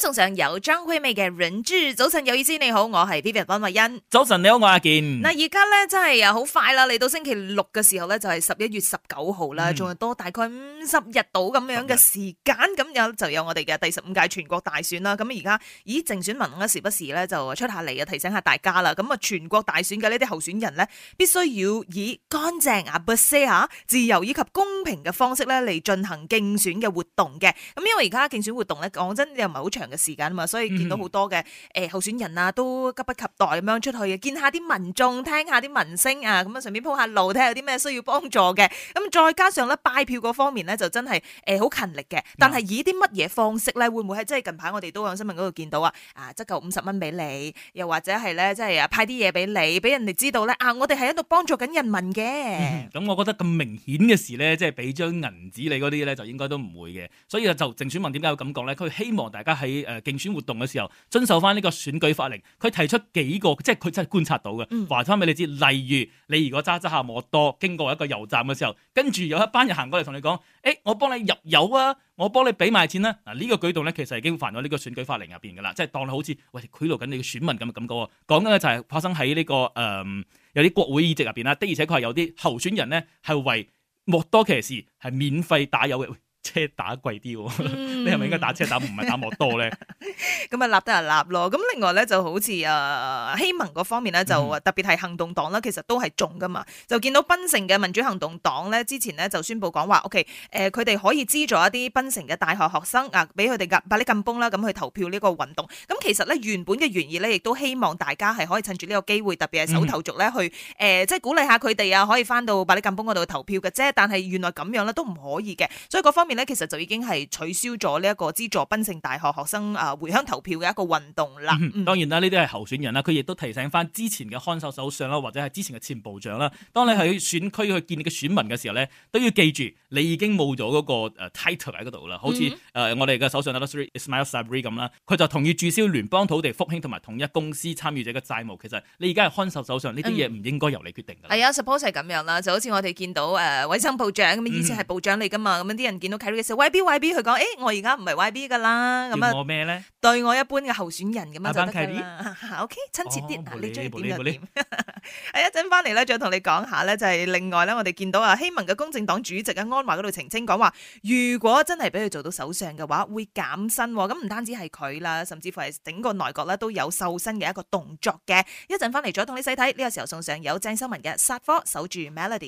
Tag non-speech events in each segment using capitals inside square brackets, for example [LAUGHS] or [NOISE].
仲上有張輝美嘅 Rain 住，早晨有意思你好，我係 Vivian 林慧欣，早晨你好，我阿健。嗱，而家咧真係又好快啦，嚟到星期六嘅時候咧就係十一月十九號啦，仲、嗯、有多大概五十日到咁樣嘅時間，咁有、嗯、就有我哋嘅第十五屆全國大選啦。咁而家以政選民啊時不時咧就出下嚟啊，提醒下大家啦。咁啊，全國大選嘅呢啲候選人咧，必須要以乾淨啊、不賒啊、自由以及公平嘅方式咧嚟進行競選嘅活動嘅。咁因為而家競選活動咧，講真又唔係好長。嘅時間啊嘛，所以見到好多嘅誒、欸、候選人啊，都急不及待咁樣出去嘅，見下啲民眾，聽下啲民聲啊，咁啊，順便鋪下路，睇下有啲咩需要幫助嘅。咁、啊、再加上咧，拜票嗰方面咧，就真係誒好勤力嘅。但係以啲乜嘢方式咧，會唔會係即係近排我哋都喺新聞嗰度見到啊？啊，執嚿五十蚊俾你，又或者係咧，即係啊派啲嘢俾你，俾人哋知道咧啊，我哋係喺度幫助緊人民嘅。咁、嗯、我覺得咁明顯嘅事咧，即係俾張銀紙你嗰啲咧，就應該都唔會嘅。所以就政選問點解有感覺咧？佢希望大家係。你誒競選活動嘅時候，遵守翻呢個選舉法令，佢提出幾個，即係佢真係觀察到嘅。話翻俾你知，例如你如果揸揸下莫多經過一個油站嘅時候，跟住有一班人行過嚟同你講，誒、欸，我幫你入油啊，我幫你俾埋錢啦、啊。嗱、啊，呢、這個舉動咧，其實已經犯咗呢個選舉法令入邊嘅啦。即係當好像你好似喂賄賂緊你嘅選民咁嘅感覺。講緊咧就係發生喺呢、這個誒、呃、有啲國會議席入邊啦。的而且確係有啲候選人咧係為莫多騎士係免費打油嘅。車打貴啲，嗯、 [LAUGHS] 你係咪應該打車打唔係打摩托咧？咁啊，立得啊立咯。咁另外咧，就好似啊，希盟嗰方面咧，就特別係行動黨啦，嗯、其實都係中噶嘛。就見到檳城嘅民主行動黨咧，之前咧就宣布講話，OK，誒、呃，佢哋可以資助一啲檳城嘅大學學生啊，俾佢哋嘅百里禁崩啦，咁、啊、去投票呢個運動。咁、啊、其實咧，原本嘅原意咧，亦都希望大家係可以趁住呢個機會，特別係首投族咧去誒，即、呃、係、就是、鼓勵下佢哋啊，可以翻到百里禁崩嗰度投票嘅啫。但係原來咁樣咧都唔可以嘅，所以嗰方。其實就已經係取消咗呢一個資助檳城大學學生啊回鄉投票嘅一個運動啦、嗯嗯。當然啦，呢啲係候選人啦，佢亦都提醒翻之前嘅看守首相啦，或者係之前嘅前部長啦。當你喺選區去見你嘅選民嘅時候咧，都要記住你已經冇咗嗰個 title 喺嗰度啦。好似、嗯嗯呃、我哋嘅首相 Ismail Sabri 咁啦，佢就同意註銷聯邦土地復興同埋統一公司參與者嘅債務。其實你而家係看守首相，呢啲嘢唔應該由你決定㗎、嗯。係啊，Suppose 係咁樣啦，就好似我哋見到誒衞、呃、生部長咁，以前係部長嚟㗎嘛，咁樣啲人見到。睇佢嘅時候，YB YB 佢講，誒、欸，我而家唔係 YB 噶啦，咁啊對我咩咧？對我一般嘅候選人咁樣就得㗎。O、okay, K，親切啲。嗱，你中意點就點。誒、哦，一陣翻嚟咧，再同你講下咧，就係另外咧，我哋見到啊希文嘅公正黨主席喺安華嗰度澄清講話，如果真係俾佢做到首相嘅話，會減薪。咁唔單止係佢啦，甚至乎係整個內閣咧都有瘦身嘅一個動作嘅。一陣翻嚟再同你細睇。呢、這個時候送上有鄭秀文嘅《殺科守住 Melody》。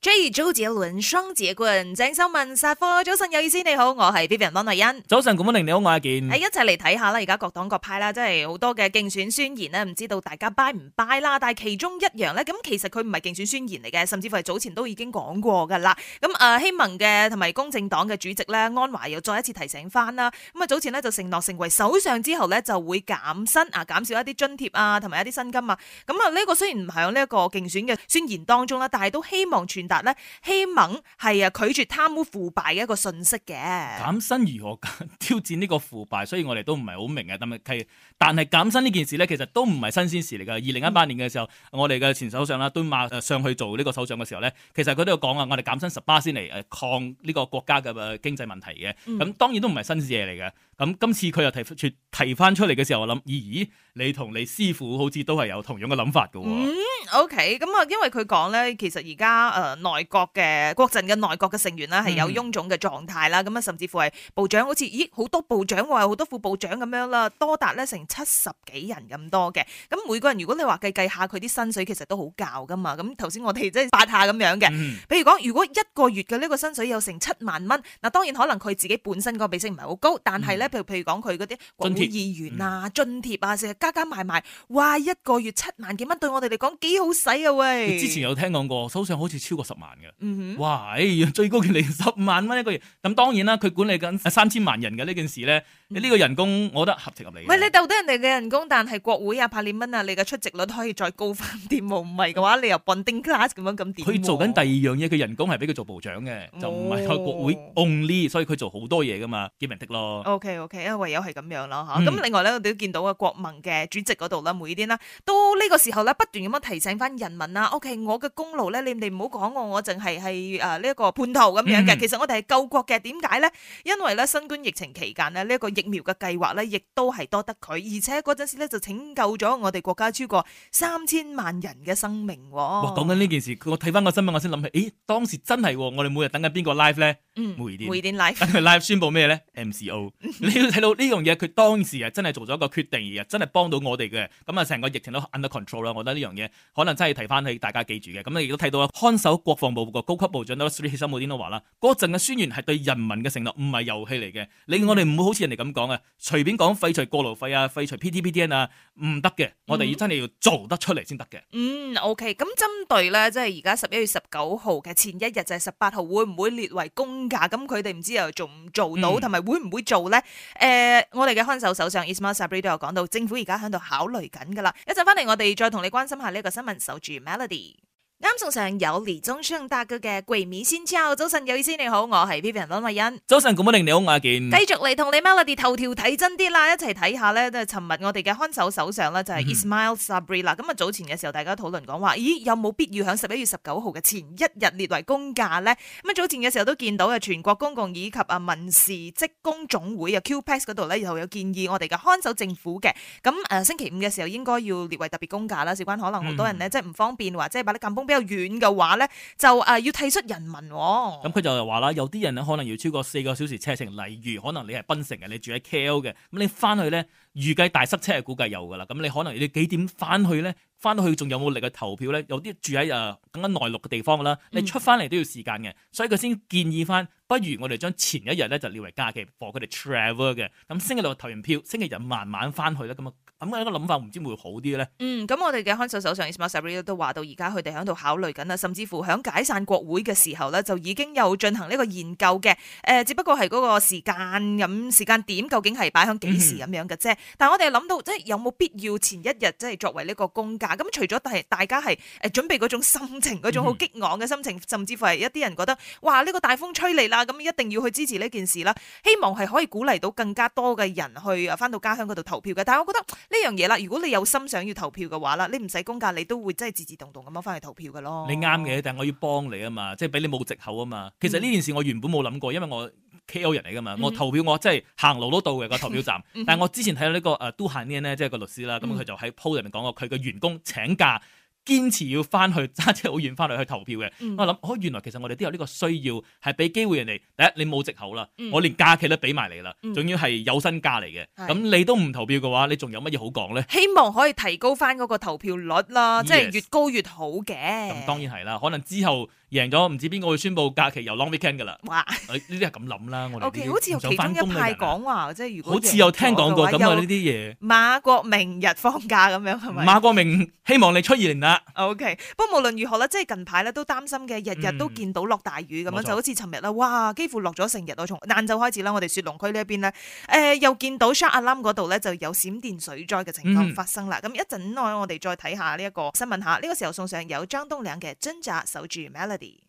J. 周杰倫雙子冠，鄭秀文撒科，早晨有意思，你好，我係 Vivian 安麗欣。早晨古婉玲，你好，我係阿健。喺一齊嚟睇下啦，而家各黨各派啦，真係好多嘅競選宣言呢，唔知道大家拜唔拜啦？但係其中一樣呢，咁其實佢唔係競選宣言嚟嘅，甚至乎係早前都已經講過噶啦。咁啊，希盟嘅同埋公正黨嘅主席咧，安華又再一次提醒翻啦。咁啊，早前呢就承諾成為首相之後呢，就會減薪啊，減少一啲津貼啊，同埋一啲薪金啊。咁啊，呢個雖然唔係喺呢一個競選嘅宣言當中啦，但係都希望全。但咧，希盟係啊拒絕貪污腐敗嘅一個信息嘅減薪如何挑戰呢個腐敗？所以我哋都唔係好明嘅。但係但係減薪呢件事咧，其實都唔係新鮮事嚟㗎。二零一八年嘅時候，我哋嘅前首相啦，敦馬上去做呢個首相嘅時候咧，其實佢都有講啊，我哋減薪十巴仙嚟誒抗呢個國家嘅經濟問題嘅。咁、嗯、當然都唔係新鮮嘢嚟嘅。咁今次佢又提，提出提翻出嚟嘅時候，我諗咦，你同你師傅好似都係有同樣嘅諗法㗎。嗯，OK，咁啊，因為佢講咧，其實而家誒。呃內閣嘅國陣嘅內閣嘅成員啦，係有臃腫嘅狀態啦，咁啊、嗯，甚至乎係部長，好似咦好多部長，我有好多副部長咁樣啦，多達咧成七十幾人咁多嘅。咁每個人如果你話計計下佢啲薪水，其實都好教噶嘛。咁頭先我哋即係八下咁樣嘅，譬、嗯、如講，如果一個月嘅呢個薪水有成七萬蚊，嗱當然可能佢自己本身個比重唔係好高，但係咧，譬、嗯、如譬如講佢嗰啲國會議員啊、津貼、嗯、貼啊，成日加加埋埋，哇一個月七萬幾蚊對我哋嚟講幾好使啊喂！你之前有聽講過，首相好似超過十萬嘅，嗯、哼哇！最高嘅零十萬蚊一個月，咁當然啦，佢管理緊三千萬人嘅呢件事咧，呢、嗯、個人工我覺得合情合理。唔係你鬥得人哋嘅人工，但係國會啊，百零蚊啊，你嘅出席率可以再高翻啲喎。唔係嘅話，嗯、你又 binding class 咁樣咁點？佢做緊第二樣嘢，佢人工係俾佢做部長嘅，哦、就唔係喺國會 only，所以佢做好多嘢噶嘛，傑明的咯。OK OK，因為唯有係咁樣咯，咁、嗯、另外咧，我哋都見到啊，國民嘅主席嗰度啦，每啲啦，都呢個時候咧不斷咁樣提醒翻人民啊。OK，我嘅功勞咧，你哋唔好講。哦、我淨係係誒呢一個叛徒咁樣嘅，其實我哋係救國嘅，點解咧？因為咧新冠疫情期間咧呢一個疫苗嘅計劃咧，亦都係多得佢，而且嗰陣時咧就拯救咗我哋國家超過三千萬人嘅生命，哦。哇！講緊呢件事，我睇翻個新聞，我先諗起，誒，當時真係，我哋每日等緊邊個 live 咧？每日，每日 live，等佢 live 宣布咩咧？MCO， [LAUGHS] 你要睇到呢樣嘢，佢當時係真係做咗一個決定，啊，真係幫到我哋嘅，咁啊，成個疫情都 under control 啦。我覺得呢樣嘢可能真係提翻起大家記住嘅。咁你亦都睇到啊，看守國防部個高級部長 Hishammuddin 點都話啦，嗰陣嘅宣言係對人民嘅承諾，唔係遊戲嚟嘅。你看我哋唔會好似人哋咁講啊，隨便講廢除過路費啊，廢除 PTPTN 啊，唔得嘅。我哋要真係要做得出嚟先得嘅。嗯，OK，咁針對咧，即係而家十一月十九號嘅前一日就係十八號，會唔會列為公假？咁佢哋唔知又仲做唔做到同埋。嗯還會唔會做咧？呃，我哋嘅看守首相 Ismail Sabri 都有講到，政府而家喺度考慮緊㗎喇。一陣返嚟，我哋再同你關心下呢個新聞。守住 Melody。啱送上有李宗昌大佢嘅桂面先椒。早晨有意思，你好，我係 Vivian 溫慧欣上。早晨咁美玲，你好，我阿健。繼續嚟同你 Melody 頭條睇真啲啦，一齊睇下咧。都係尋日我哋嘅看守首相咧就係、e、Ismael Sabri 啦、mm。咁、hmm. 啊早前嘅時候，大家討論講話，咦有冇必要喺十一月十九號嘅前一日列為公假咧？咁啊早前嘅時候都見到啊，全國公共以及啊民事職工總會啊 QPEX 嗰度咧，然後有建議我哋嘅看守政府嘅。咁誒，星期五嘅時候應該要列為特別公假啦。事關可能好多人咧，mm hmm. 即係唔方便話，即係把啲比較遠嘅話咧，就誒要體恤人民、哦。咁佢就話啦，有啲人咧可能要超過四個小時車程，例如可能你係檳城嘅，你住喺 KL 嘅，咁你翻去咧，預計大塞車係估計有噶啦。咁你可能要幾點翻去咧？翻到去仲有冇力嘅投票咧？有啲住喺誒、啊，更加內陸嘅地方啦，你出翻嚟都要時間嘅，嗯、所以佢先建議翻，不如我哋將前一日咧就列為假期，幫佢哋 travel 嘅。咁、嗯、星期六投完票，星期日慢慢翻去啦。咁啊，咁嘅一個諗法，唔知會唔會好啲咧？嗯，咁、那個嗯、我哋嘅看守首相 Ismael Sabri 都話到，而家佢哋喺度考慮緊啦，甚至乎響解散國會嘅時候咧，就已經有進行呢個研究嘅。誒、呃，只不過係嗰個時間咁、嗯、時間點，究竟係擺響幾時咁樣嘅啫。嗯、但係我哋諗到，即係有冇必要前一日即係作為呢個公咁除咗大，大家係誒準備嗰種心情，嗰種好激昂嘅心情，甚至乎係一啲人覺得，哇！呢個大風吹嚟啦，咁一定要去支持呢件事啦。希望係可以鼓勵到更加多嘅人去啊，翻到家鄉嗰度投票嘅。但係我覺得呢樣嘢啦，如果你有心想要投票嘅話啦，你唔使公價，你都會真係自自動動咁樣翻去投票嘅咯。你啱嘅，但係我要幫你啊嘛，即係俾你冇藉口啊嘛。其實呢件事我原本冇諗過，因為我。K.O. 人嚟噶嘛、mm？Hmm. 我投票，我真係行路都到嘅個投票站、 [LAUGHS] mm，hmm. 但我之前睇到、uh、呢個都行 u 呢即係個律師啦、mm，咁、hmm. 佢就喺 post 入面講過，佢嘅員工請假。堅持要翻去揸車好遠翻嚟去投票嘅，嗯、我諗原來其實我哋都有呢個需要，係俾機會人哋。第一，你冇藉口啦，嗯、我連假期都俾埋你啦，仲、嗯、要係有薪假嚟嘅。咁是你都唔投票嘅話，你仲有乜嘢好講咧？希望可以提高翻嗰個投票率啦，Yes 即係越高越好嘅。咁當然係啦，可能之後贏咗唔知邊個會宣布假期又 long weekend 噶啦。哇！呢啲係咁諗啦，我哋、okay, 好似有其中一派講話，即係如果好似有聽講過咁啊呢啲嘢。馬國明日放假咁樣係咪？是是馬國明希望你出現啦。O、okay, K，不過無論如何咧，即係近排咧都擔心嘅，日日都見到落大雨咁樣，嗯、就好似尋日啦，哇，幾乎落咗成日，我從晏晝開始啦，我哋雪隆區呢一邊咧，誒、呃、又見到 Shah Alam 嗰度咧就有閃電水災嘅情況發生啦。咁一陣耐我哋再睇下呢一個新聞吓，呢、呢個時候送上有張棟樑嘅掙扎守住 melody。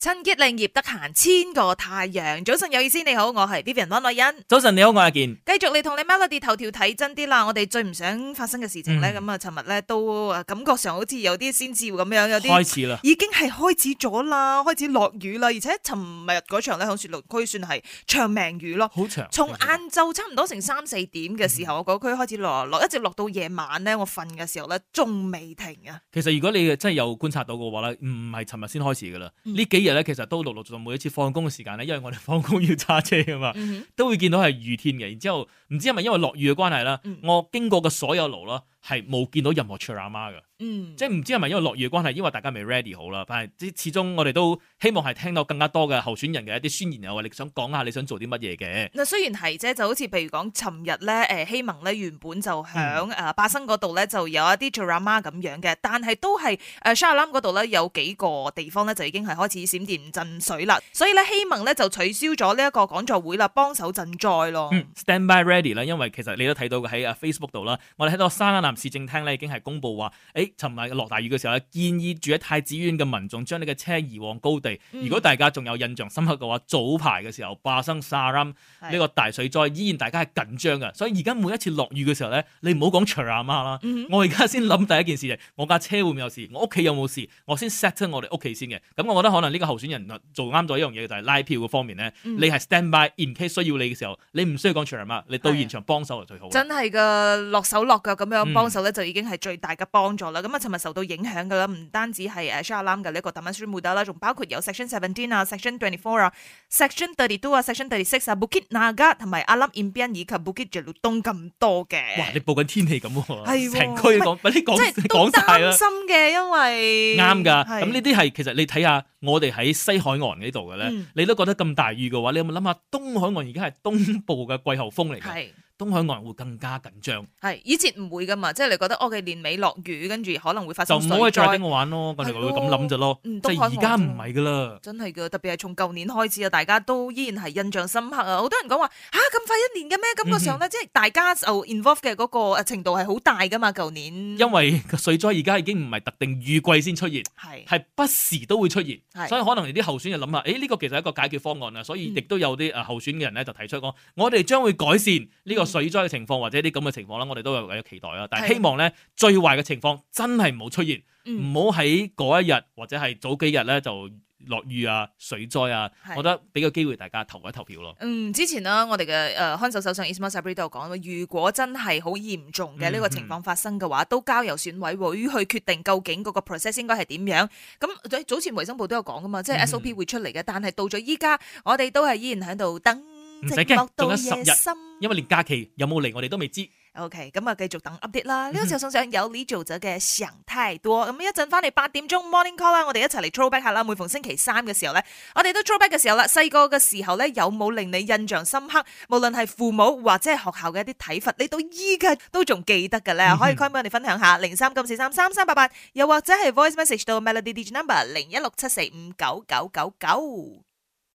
趁結令葉得閒，千個太陽。早晨有意思，你好，我係 Vivian 温麗欣。早晨你好，我係阿健。繼續嚟同你 Melody 頭條睇真啲啦。我哋最唔想發生嘅事情咧，咁啊、嗯，尋日咧都感覺上好似有啲先兆咁樣，有啲開始啦，已經係開始咗啦，開始落雨啦，而且尋日嗰場咧響雪落區算係長命雨咯，好長，從晏晝差唔多成三四點嘅時候，嗯、我嗰區開始落落，一直落到夜晚咧，我瞓嘅時候咧仲未停啊。其實如果你真係有觀察到嘅話咧，唔係尋日先開始噶啦，呢、嗯、幾咧，其實都陸陸續續每一次放工嘅時間咧，因為我哋放工要揸車啊嘛，都會見到係雨天嘅。然之後唔知係咪因為落雨嘅關係啦，我經過嘅所有路啦。係冇見到任何 Chief 阿媽嘅，嗯，即係唔知係咪因為落雨嘅關係，因經大家未 ready 好啦。但係啲始終我哋都希望係聽到更加多嘅候選人嘅一啲宣言，又話你想講下你想做啲乜嘢嘅。嗱，雖然係啫，就好似譬如講尋日咧，誒希望咧原本就響誒、嗯啊、巴生嗰度咧，就有一啲 Chief 阿媽咁樣嘅，但係都係誒沙拉 a 嗰度咧有幾個地方咧就已經係開始閃電震水啦。所以咧希望咧就取消咗呢一個講座會啦，幫手振災咯。s、嗯、t a n d by ready 啦，因為其實你都睇到嘅喺 Facebook 度啦，我哋喺度杉納。市政廳咧已經係公布話，誒，尋日落大雨嘅時候建議住喺太子苑嘅民眾將你嘅車移往高地。嗯、如果大家仲有印象深刻嘅話，早排嘅時候發生沙朗呢個大水災，是依然大家係緊張嘅。所以而家每一次落雨嘅時候咧，你唔好講徐阿媽啦。嗯、我而家先諗第一件事係我架車會唔有事，我屋企有冇事？我，我先 set 我哋屋企先嘅。咁、嗯、我覺得可能呢個候選人做啱咗一樣嘢，就係、是、拉票嘅方面咧，嗯、你係 stand by in case 需要你嘅時候，你唔需要講徐阿媽，你到現場幫手就最好的。真係嘅，落手落腳咁樣的。嗯幫手咧就已經係最大嘅幫助啦。咁啊，尋日受到影響嘅啦，唔單止係誒沙蘭嘅呢一個大曼舒穆達啦，仲包括有 section seventeen 啊、section twenty four 啊、section thirty two 啊、section thirty six 啊、布吉拿加同埋阿拉姆印邊以及布吉吉魯東咁多嘅。哇！你報緊天氣咁喎，城的區講，唔係是，即係說都擔心嘅，因為啱㗎。咁呢啲係其實你睇下，我哋喺西海岸呢度嘅咧，嗯、你都覺得咁大雨嘅話，你有冇諗下東海岸而家係東部嘅季候風嚟嘅？東海岸會更加緊張，係以前唔會噶嘛，即係你覺得我哋年尾落雨，跟住可能會發生就唔好去再俾我玩咯，佢哋會咁諗咋咯，即係而家唔係噶啦，真係噶，特別係從舊年開始啊，大家都依然係印象深刻啊，好多人講話吓咁快一年嘅咩？感覺上咧，即係大家就 involve 嘅嗰個誒程度係好大噶嘛，舊年因為個水災而家已經唔係特定雨季先出現，係係不時都會出現，係所以可能啲候選就諗下，誒呢個其實係一個解決方案啊，所以亦都有啲誒候選嘅人咧就提出講，我哋將會改善呢個。水災嘅情況或者啲咁嘅情況啦，我哋都有好期待啦。但係希望咧，最壞嘅情況真係唔好出現，唔好喺嗰一日或者係早幾日咧就落雨啊、水災啊。是的 我覺得俾個機會大家投一投票咯。嗯，之前咧我哋嘅誒看守首相 Ismail Sabri 都有講，如果真係好嚴重嘅呢個情況發生嘅話，嗯、哼 都交由選委會去決定究竟嗰個 process 應該係點樣。咁早前衞生部都有講噶嘛，即係 SOP 會出嚟嘅，嗯、哼 但係到咗依家我哋都係依然喺度等。唔使驚，仲有十日，因為連假期有冇嚟，我哋都未知。OK，咁啊，繼續等 update 啦。呢、嗯、哼個時候送上有呢做咗嘅想太多。咁一陣翻嚟八點鐘 morning call 啦，我哋一齊嚟 throw back 下啦。每逢星期三嘅時候咧，我哋都 throw back 嘅時候啦。細個嘅時候咧，有冇令你印象深刻？無論係父母或者係學校嘅一啲睇法，你到都依家都仲記得㗎咧，嗯、哼可以 come 我哋分享下。零三九四三三三八八，8，又或者係 voice message 到 melody digital number 零一六七四五九九九九。